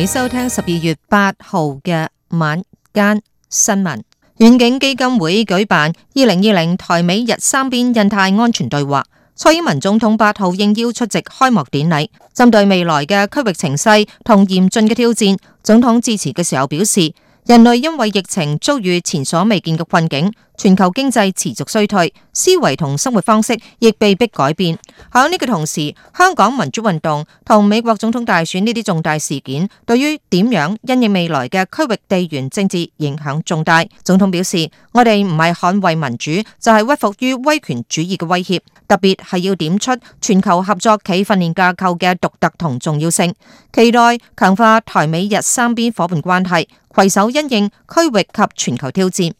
你收聽十二月八號嘅晚間新聞。遠景基金會舉辦二零二零台美日三邊印太安全對話。蔡英文總統八號應邀出席開幕典禮，針對未來嘅區域情勢同嚴峻嘅挑戰，總統致辭嘅時候表示，人類因為疫情遭遇前所未見嘅困境。全球經濟持續衰退，思維同生活方式亦被迫改變。喺呢個同時，香港民主運動同美國總統大選呢啲重大事件，對於點樣因應未來嘅區域地緣政治影響重大。總統表示：我哋唔係捍衛民主，就係、是、屈服於威權主義嘅威脅。特別係要點出全球合作暨訓練架構嘅獨特同重要性，期待強化台美日三邊伙伴關係，攜手因應區域及全球挑戰。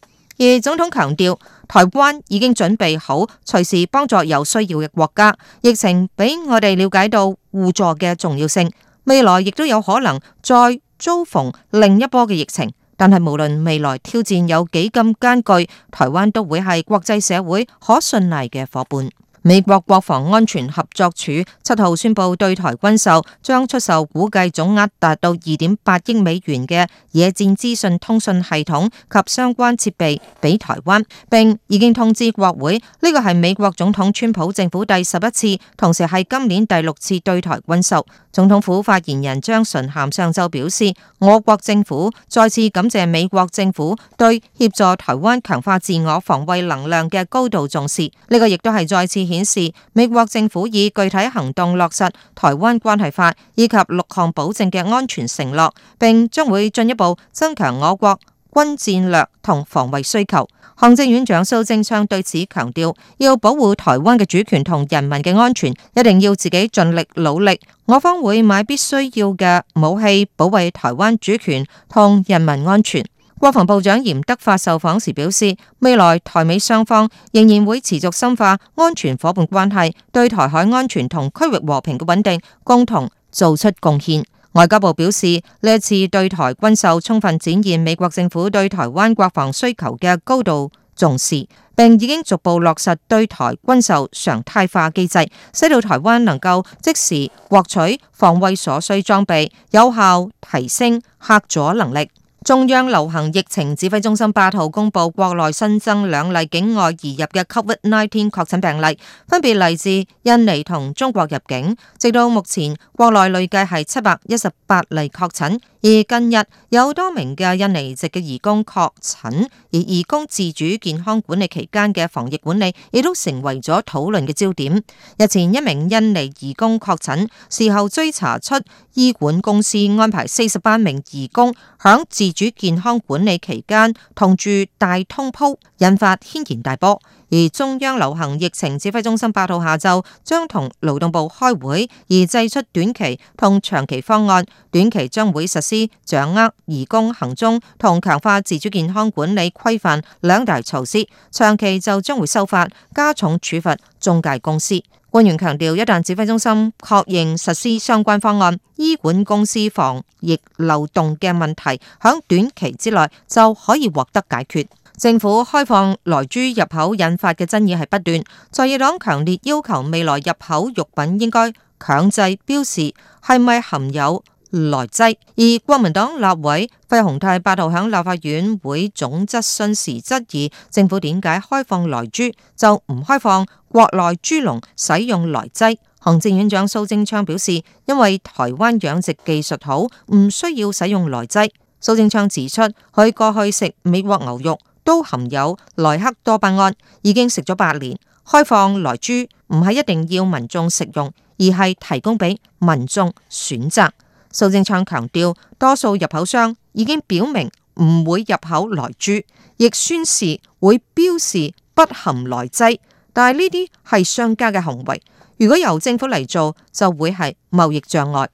而總統強調，台灣已經準備好，隨時幫助有需要嘅國家。疫情俾我哋了解到互助嘅重要性，未來亦都有可能再遭逢另一波嘅疫情。但係無論未來挑戰有幾咁艱巨，台灣都會係國際社會可信賴嘅伙伴。美國國防安全合作署七號宣布對台軍售，將出售估計總額達到二點八億美元嘅野戰資訊通訊系統及相關設備俾台灣，並已經通知國會。呢個係美國總統川普政府第十一次，同時係今年第六次對台軍售。總統府發言人張純涵上晝表示，我國政府再次感謝美國政府對協助台灣強化自我防衛能量嘅高度重視。呢個亦都係再次。顯示美國政府以具體行動落實《台灣關係法》以及六項保證嘅安全承諾，並將會進一步增強我國軍戰略同防衛需求。行政院長蘇貞昌對此強調，要保護台灣嘅主權同人民嘅安全，一定要自己盡力努力，我方會買必須要嘅武器，保衛台灣主權同人民安全。國防部長嚴德發受訪時表示，未來台美雙方仍然會持續深化安全伙伴關係，對台海安全同區域和平嘅穩定共同做出貢獻。外交部表示，呢次對台軍售充分展現美國政府對台灣國防需求嘅高度重視，並已經逐步落實對台軍售常態化機制，使到台灣能夠即時獲取防衛所需裝備，有效提升嚇阻能力。中央流行疫情指揮中心八號公布國內新增兩例境外移入嘅 COVID-19 確診病例，分別嚟自印尼同中國入境。直到目前，國內累計係七百一十八例確診，而近日有多名嘅印尼籍嘅移工確診，而移工自主健康管理期間嘅防疫管理亦都成為咗討論嘅焦點。日前一名印尼移工確診，事後追查出醫管公司安排四十八名移工響自自主健康管理期間同住大通鋪，引發軒然大波。而中央流行疫情指揮中心八號下晝將同勞動部開會，而製出短期同長期方案。短期將會實施掌握移工行蹤同強化自主健康管理規範兩大措施。長期就將會修法加重處罰中介公司。官員強調，一旦指揮中心確認實施相關方案，醫管公司防疫漏洞嘅問題，喺短期之內就可以獲得解決。政府開放萊豬入口引發嘅爭議係不斷，在野黨強烈要求未來入口肉品應該強制標示係咪含有萊劑。而國民黨立委費鴻泰八號響立法院會總質詢時，質疑政府點解開放萊豬就唔開放國內豬農使用萊劑？行政院長蘇貞昌表示，因為台灣養殖技術好，唔需要使用萊劑。蘇貞昌指出，佢過去食美國牛肉都含有萊克多巴胺，已經食咗八年。開放萊豬唔係一定要民眾食用，而係提供俾民眾選擇。蘇貞昌強調，多數入口商已經表明唔會入口萊豬，亦宣示會標示不含萊劑。但係呢啲係商家嘅行為，如果由政府嚟做，就會係貿易障礙。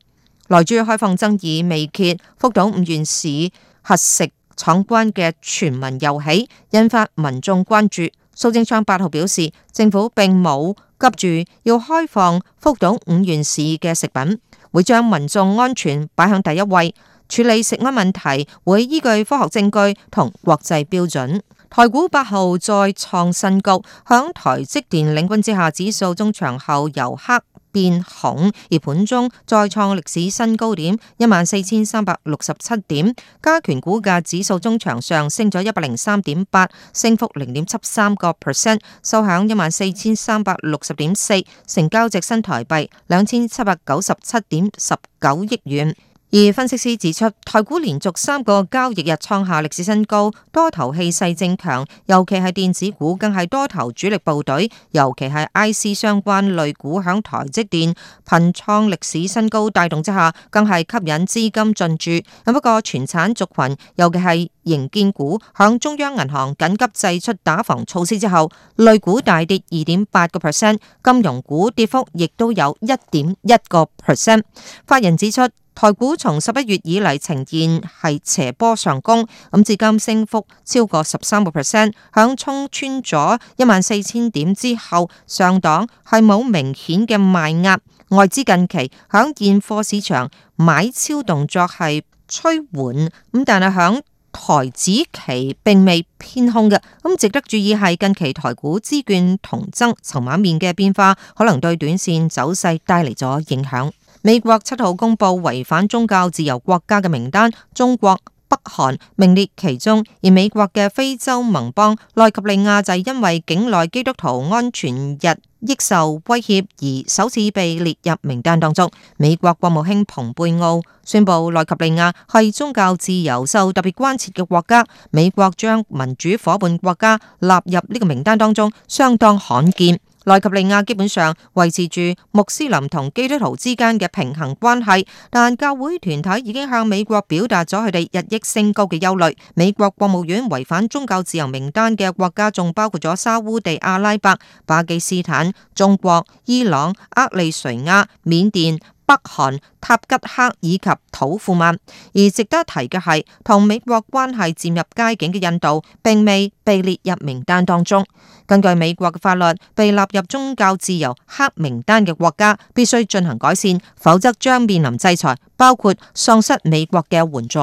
萊豬開放爭議未揭，福島五縣市核食闖關嘅傳聞又起，引發民眾關注。蘇貞昌八號表示，政府並冇急住要開放福島五縣市嘅食品。會將民眾安全擺向第一位，處理食安問題會依據科學證據同國際標準。台股八號再創新高，響台積電領軍之下，指數終場後由黑，見紅，而盤中再創歷史新高點一萬四千三百六十七點，加權股價指數中場上升咗一百零三點八，升幅零點七三個 percent，收響一萬四千三百六十點四，成交值新台幣兩千七百九十七點十九億元。而分析師指出，台股連續三個交易日創下歷史新高，多頭氣勢正強，尤其係電子股更係多頭主力部隊。尤其係 IC 相關類股響台積電頻創歷史新高帶動之下，更係吸引資金進駐。咁不過全產族群，尤其係營建股，響中央銀行緊急祭出打房措施之後，類股大跌二點八個 percent，金融股跌幅亦都有一點一個 percent。法人指出。台股從十一月以嚟呈現係斜波上攻，咁至今升幅超過十三個 percent，響衝穿咗一萬四千點之後，上檔係冇明顯嘅賣壓。外資近期響現貨市場買超動作係趨緩，咁但係響台指期並未偏空嘅。咁值得注意係近期台股資券同增籌碼面嘅變化，可能對短線走勢帶嚟咗影響。美國七號公布違反宗教自由國家嘅名單，中國、北韓名列其中。而美國嘅非洲盟邦內及利亞就係因為境內基督徒安全日益受威脅，而首次被列入名單當中。美國國務卿蓬佩奧宣布，內及利亞係宗教自由受特別關切嘅國家。美國將民主伙伴國家納入呢個名單當中，相當罕見。奈及利亞基本上維持住穆斯林同基督徒之間嘅平衡關係，但教會團體已經向美國表達咗佢哋日益升高嘅憂慮。美國國務院違反宗教自由名單嘅國家，仲包括咗沙烏地阿拉伯、巴基斯坦、中國、伊朗、厄利垂亞、緬甸。北韓、塔吉克以及土庫曼。而值得一提嘅係，同美國關係漸入佳境嘅印度，並未被列入名單當中。根據美國嘅法律，被納入宗教自由黑名單嘅國家，必須進行改善，否則將面臨制裁，包括喪失美國嘅援助。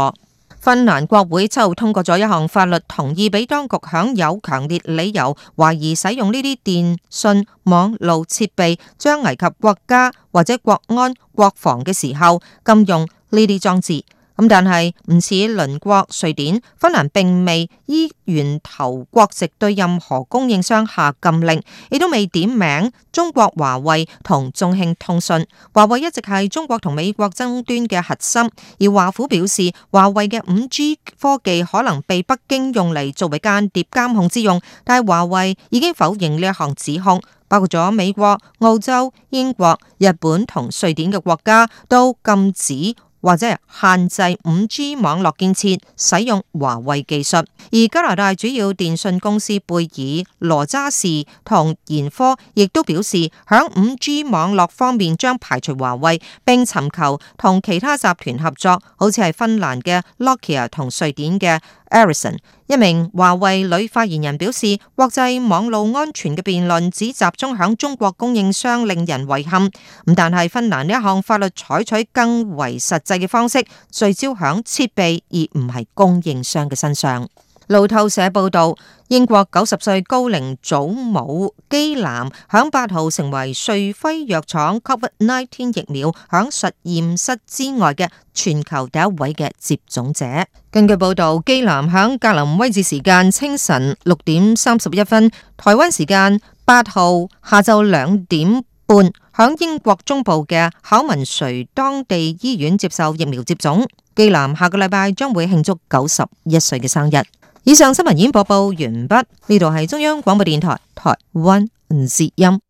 芬蘭國會七號通過咗一項法律，同意畀當局享有強烈理由懷疑使用呢啲電信網路設備將危及國家或者國安國防嘅時候，禁用呢啲裝置。咁但係唔似鄰國瑞典、芬蘭並未依源頭國籍對任何供應商下禁令，亦都未點名中國華為同中興通訊。華為一直係中國同美國爭端嘅核心，而華府表示華為嘅五 G 科技可能被北京用嚟作為間諜監控之用，但係華為已經否認呢一項指控。包括咗美國、澳洲、英國、日本同瑞典嘅國家都禁止，或者限制五 G 網絡建設使用華為技術，而加拿大主要電信公司貝爾、羅渣士同研科亦都表示，響五 G 網絡方面將排除華為，並尋求同其他集團合作，好似係芬蘭嘅 Nokia、ok、同瑞典嘅埃里森。一名華為女發言人表示，國際網路安全嘅辯論只集中響中國供應商，令人遺憾。唔但係芬蘭呢一項法律採取更為實際嘅方式，聚焦響設備而唔係供應商嘅身上。路透社報道，英國九十歲高齡祖母基南響八號成為瑞輝藥廠 COVID-19 疫苗響實驗室之外嘅全球第一位嘅接種者。根據報道，基南響格林威治時間清晨六點三十一分，台灣時間八號下晝兩點半，響英國中部嘅考文垂當地醫院接受疫苗接種。基南下個禮拜將會慶祝九十一歲嘅生日。以上新聞已經播報完畢，呢度係中央廣播電台台灣五節音。